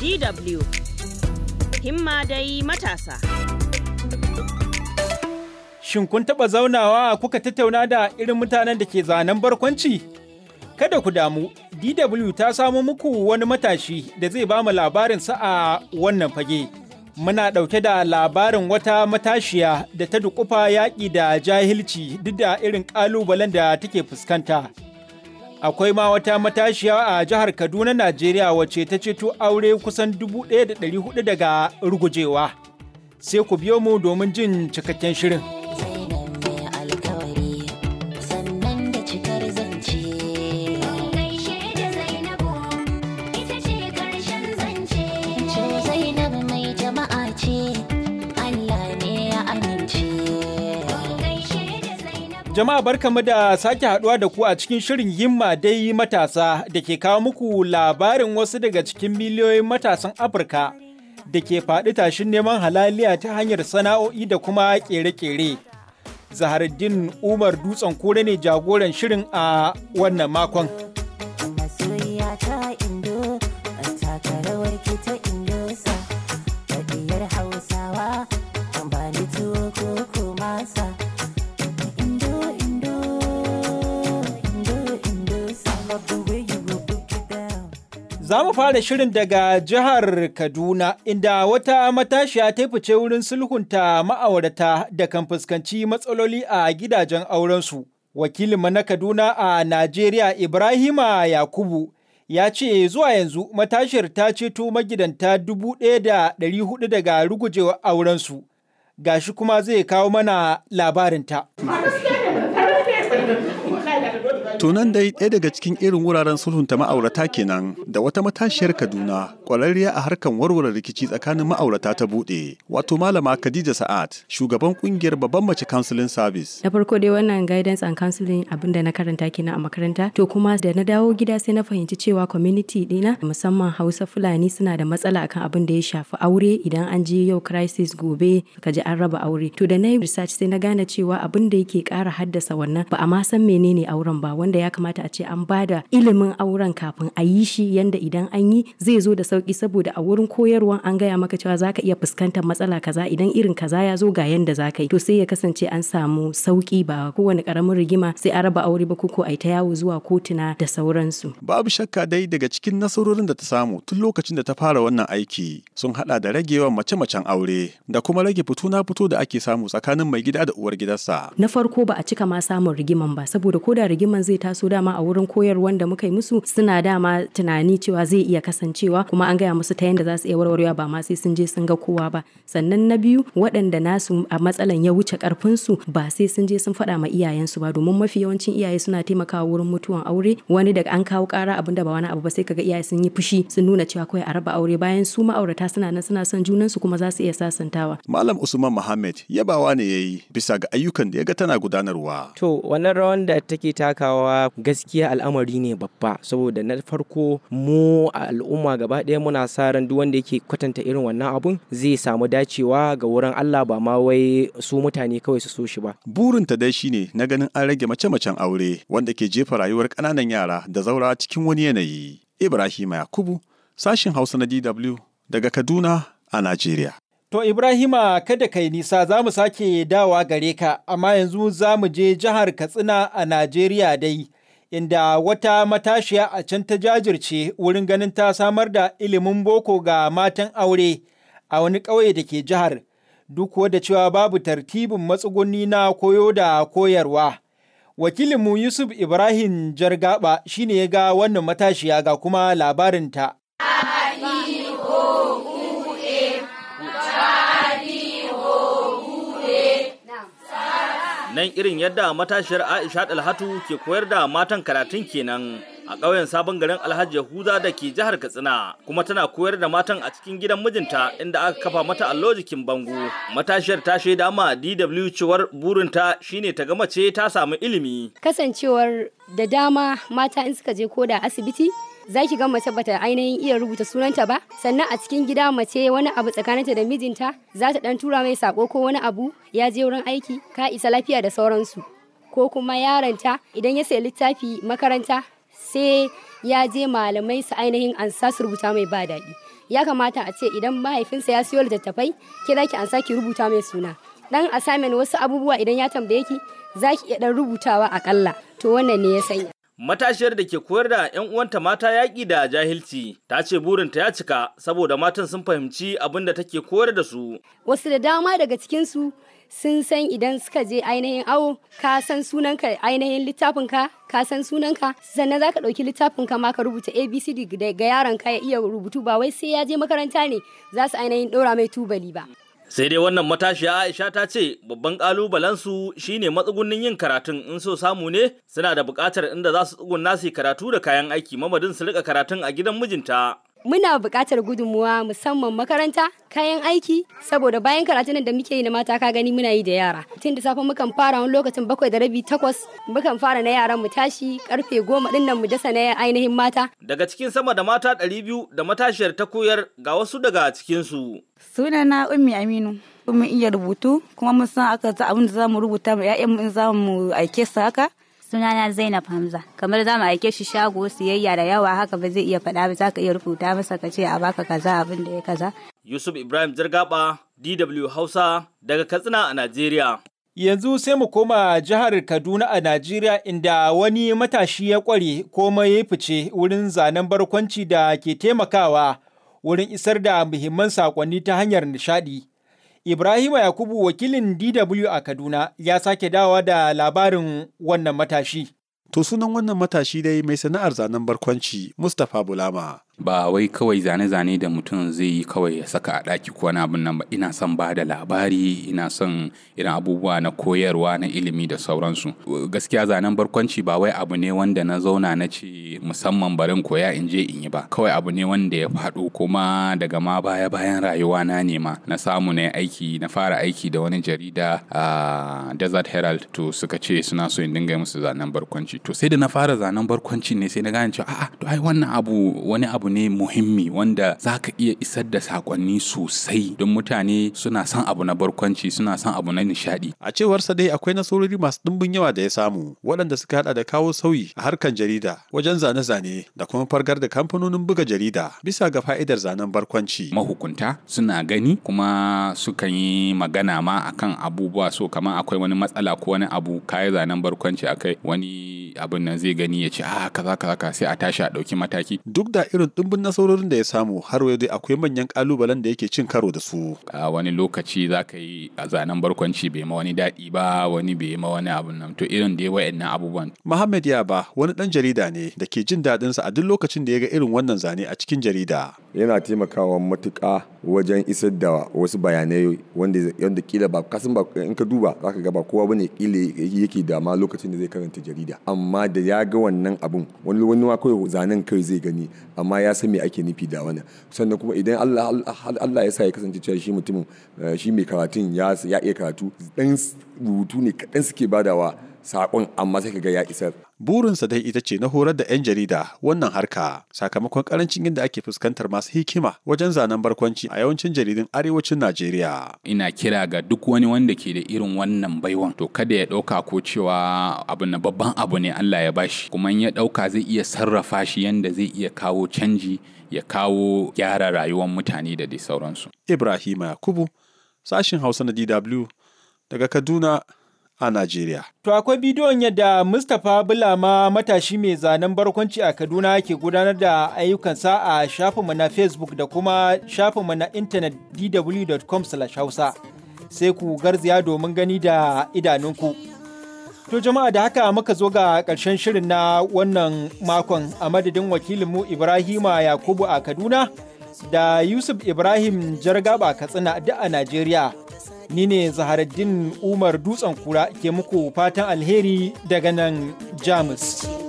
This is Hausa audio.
DW himma dai matasa. Shin kun taɓa zaunawa kuka tattauna da irin mutanen da ke zanen barkwanci? Kada ku damu, DW ta samo muku wani matashi da zai ba mu labarin sa a wannan fage. Muna ɗauke da labarin wata matashiya da ta dukufa yaƙi da jahilci duk da irin ƙalubalen da take fuskanta. Akwai ma wata matashiya a jihar Kaduna, Najeriya wacce ta ceto aure kusan dubu ɗaya da ɗari 1,400 daga rugujewa. Sai ku biyo mu domin jin cikakken shirin. Jama'a barkamu da sake haduwa da ku a cikin shirin himma dai matasa da ke kawo muku labarin wasu daga cikin miliyoyin matasan Afirka da ke faɗi tashin neman halaliya ta hanyar sana'o'i da kuma ƙere-ƙere. Zaharuddin Umar Dutsen kore ne jagoran shirin a wannan makon. Za mu fara shirin daga jihar Kaduna, inda wata matashiya ta fice wurin sulhunta ma'aurata da kan fuskanci matsaloli a gidajen aurensu. Wakilinmu na Kaduna a Najeriya Ibrahima Yakubu ya ce zuwa yanzu matashiyar ta ceto magidanta dubu ɗaya da ɗari hudu daga rugujewa aurensu. Gashi kuma zai kawo mana labarinta. Tunan dai ɗaya daga cikin irin wuraren sulhunta ma'aurata kenan da wata matashiyar Kaduna ƙwararriya a harkar warware rikici tsakanin ma'aurata ta buɗe wato malama Khadija Sa'ad shugaban ƙungiyar babban mace counseling service. Na farko dai wannan guidance and counseling abin da na karanta kenan a makaranta to kuma da na dawo gida sai na fahimci cewa community dina musamman Hausa Fulani suna da matsala akan abin da ya shafi aure idan an je yau crisis gobe ka ji an raba aure to da na yi research sai na gane cewa abin da yake ƙara haddasa wannan ba a ma san menene auren ba wani wanda ya kamata a ce an bada ilimin auren kafin a yi shi yanda idan an yi zai zo da sauki saboda a wurin koyarwan an gaya maka cewa zaka iya fuskantar matsala kaza idan irin kaza ya zo ga yanda ka yi to sai ya kasance an samu sauki ba kowane karamin rigima sai a raba aure ba ko a yi ta yawo zuwa kotuna da sauransu babu shakka dai daga cikin nasarorin da ta samu tun lokacin da ta fara wannan aiki sun hada da ragewa mace-macen aure da kuma rage fito na fito da ake samu tsakanin mai gida da uwar gidansa na farko ba a cika ma samun rigiman ba saboda ko da rigiman zai taso dama a wurin koyar da muka yi musu suna dama tunani cewa zai iya kasancewa kuma an gaya musu ta yadda za su iya warwarewa ba ma sai sun je sun ga kowa ba sannan na biyu waɗanda nasu a matsalan ya wuce karfinsu ba sai sun je sun faɗa ma iyayensu ba domin mafi yawancin iyaye suna taimakawa wurin mutuwan aure wani daga an kawo kara abin da ba wani abu ba sai kaga iyaye sun yi fushi sun nuna cewa kawai a raba aure bayan su ma'aurata suna nan suna son junansu kuma za su iya sasantawa. Malam Usman Muhammad yabawa ne ya yi bisa ga ayyukan da ya ga tana gudanarwa. To wannan rawan da take takawa cewa gaskiya al'amari ne babba saboda na farko mu a al'umma gaba ɗaya muna sa ran duk wanda yake kwatanta irin wannan abun zai samu dacewa ga wurin Allah ba ma wai su mutane kawai su so shi ba. Burin ta dai shine na ganin an rage mace-macen aure wanda ke jefa rayuwar ƙananan yara da zaura cikin wani yanayi. Ibrahim Yakubu, sashin Hausa na DW daga Kaduna a Najeriya. To Ibrahima kada kai nisa za mu sake dawa gare ka, amma yanzu za mu je jihar Katsina a Najeriya dai, inda wata matashiya a can ta jajirce wurin ganin ta samar da ilimin boko ga matan aure a wani ƙauye da ke jihar, duk da cewa babu tartibin matsugunni na koyo da koyarwa. Wakilinmu Yusuf Ibrahim Jargaba shine ya ga wannan matashiya ga kuma labarinta. nan irin yadda matashiyar aisha dalhatu ke koyar da matan karatun kenan a ƙauyen sabon garin alhaji yahuza da ke jihar katsina kuma tana koyar da matan a cikin gidan mijinta inda aka kafa mata allo jikin bango matashiyar ta shaida ma dw cewar burinta shine ta gama ce ta samu ilimi kasancewar da dama mata in suka je koda asibiti za ki ga mace bata ainihin iya rubuta sunanta ba sannan a cikin gida mace wani abu tsakaninta da mijinta za ta dan tura mai sako ko wani abu ya je wurin aiki ka isa lafiya da sauransu ko kuma yaranta idan ya sayi littafi makaranta sai ya je malamai su ainihin ansa su rubuta mai ba daɗi ya kamata a ce idan mahaifinsa ya siyo littattafai ke za ki ansa ki rubuta mai suna dan assignment wasu abubuwa idan ya tambaye ki za ki iya dan rubutawa akalla to wannan ne ya sanya matashiyar da ke koyar da 'yan uwanta mata yaƙi da jahilci ta ce burinta ya cika saboda matan sun fahimci abin da take koyar da su wasu da dama daga cikinsu sun san idan suka je ainihin awo ka san sunanka ainihin littafinka ka san sunanka sannan za ka ɗauki littafinka ma ka rubuta abcd ga yaron ka ya iya rubutu ba wai sai ya je makaranta ne za su ainihin ɗora mai tubali ba sai dai wannan matashiya aisha ta ce babban ƙalubalensu shine matsugunnin yin karatun in so samu ne suna da bukatar inda za su tsugunna su karatu da kayan aiki mamadin su rika karatun a gidan mijinta muna buƙatar gudunmuwa musamman makaranta kayan aiki saboda bayan karatun da muke yi na mata ka gani muna yi da yara tun da safe mukan fara wani lokacin bakwai da rabi takwas mukan fara na yaran mu tashi karfe goma din nan mu dasa na ainihin mata daga cikin sama da mata ɗari biyu da matashiyar ta koyar ga wasu daga cikin su sunana ummi aminu mun iya rubutu kuma mun san aka ta abin da za mu rubuta mu ya'yan in za mu aike su haka sunana Zainab Hamza kamar za mu aike shi shago siyayya da yawa haka ba zai iya faɗa ba za ka iya rubuta masa ka ce a baka kaza abin da ya kaza. Yusuf Ibrahim Jirgaba DW Hausa daga Katsina a Najeriya. Yanzu sai mu koma jihar Kaduna a Najeriya inda wani matashi ya ƙware kuma ya fice wurin zanen barkwanci da ke taimakawa wurin isar da muhimman saƙonni ta hanyar nishaɗi. Ibrahima Yakubu wakilin DW a Kaduna ya sake dawa da labarin wannan matashi. To sunan wannan matashi dai mai sana'ar zanen barkwanci Mustapha Bulama ba wai kawai zane-zane da mutum zai yi kawai ya saka a ɗaki ko wani abin nan ba ina son ba da labari ina son irin abubuwa na koyarwa na ilimi da sauransu gaskiya zanen barkwanci ba wai abu ne wanda na zauna na ce musamman barin koya in je in yi ba kawai abu ne wanda ya faɗo kuma daga ma baya bayan rayuwa na ne ma na samu na aiki na fara aiki da wani jarida a Desert Herald to suka ce suna so in dinga musu zanen barkwanci to sai da na fara zanen barkwanci ne sai na gane cewa a'a to ai wannan abu wani abu ne muhimmi wanda za ka iya isar da sakonni sosai don mutane suna son abu na barkwanci suna son abu na nishaɗi. A cewarsa dai akwai nasarori masu ɗimbin yawa da ya samu waɗanda suka haɗa da kawo sauyi a harkan jarida wajen zane-zane da kuma fargar da kamfanonin buga jarida bisa ga fa'idar zanen barkwanci. Mahukunta suna gani kuma sukan yi magana ma akan abubuwa so kamar akwai wani matsala ko wani abu kayi zanen barkwanci akai wani abin nan zai gani ya ce a ah, kaza kaza ka sai a tashi a ɗauki mataki duk da irin ɗumbin nasarorin da ya samu har yau dai akwai manyan ƙalubalen da yake cin karo da su a wani lokaci za ka yi a zanen barkwanci bai ma wani daɗi ba wani bai ma wani abun nan to irin da ina abubuwan Muhammad Yaba wani ɗan jarida ne da ke jin daɗin sa a duk lokacin da ya ga irin wannan zane a cikin jarida yana taimakawa matuƙa wajen isar da wasu bayanai wanda kila ba kasan ba in ka duba zaka ga ba kowa bane kila yake da ma lokacin da zai karanta jarida amma da ya ga wannan abun wani wani ma kawai zanen kai zai gani amma ya san me ake nufi da wannan sannan kuma idan Allah Allah ya sa ya kasance cewa shi mutumin eh, shi mai karatun ya iya karatu dan rubutu ne kadan suke badawa saƙon amma sai ka ga ya isar. Burinsa dai ita ce na horar da 'yan jarida wannan harka sakamakon karancin yadda ake fuskantar masu hikima wajen zanen barkwanci a yawancin jaridun arewacin Najeriya. Ina kira ga duk wani wanda ke da irin wannan baiwan to kada ya ɗauka ko cewa abu na babban abu ne Allah ya bashi kuma in ya ɗauka zai iya sarrafa shi yanda zai iya kawo canji ya kawo gyara rayuwar mutane da dai sauransu. Ibrahima yakubu sashin Hausa na DW daga Kaduna a Najeriya. To akwai bidiyon yadda Mustapha Bulama matashi mai zanen barkwanci a Kaduna ke gudanar da ayyukan sa a shafinmu na Facebook da kuma shafinmu na intanet dw.com/hausa. Sai ku garziya domin gani da idanunku. To jama'a da haka muka zo ga ƙarshen shirin na wannan makon a madadin wakilinmu Ibrahima Yakubu a Kaduna da Yusuf Ibrahim Jargaba Katsina duk a Najeriya. Ni ne Zaharaddin Umar Dutsen Kura ke muku fatan alheri daga nan Jamus.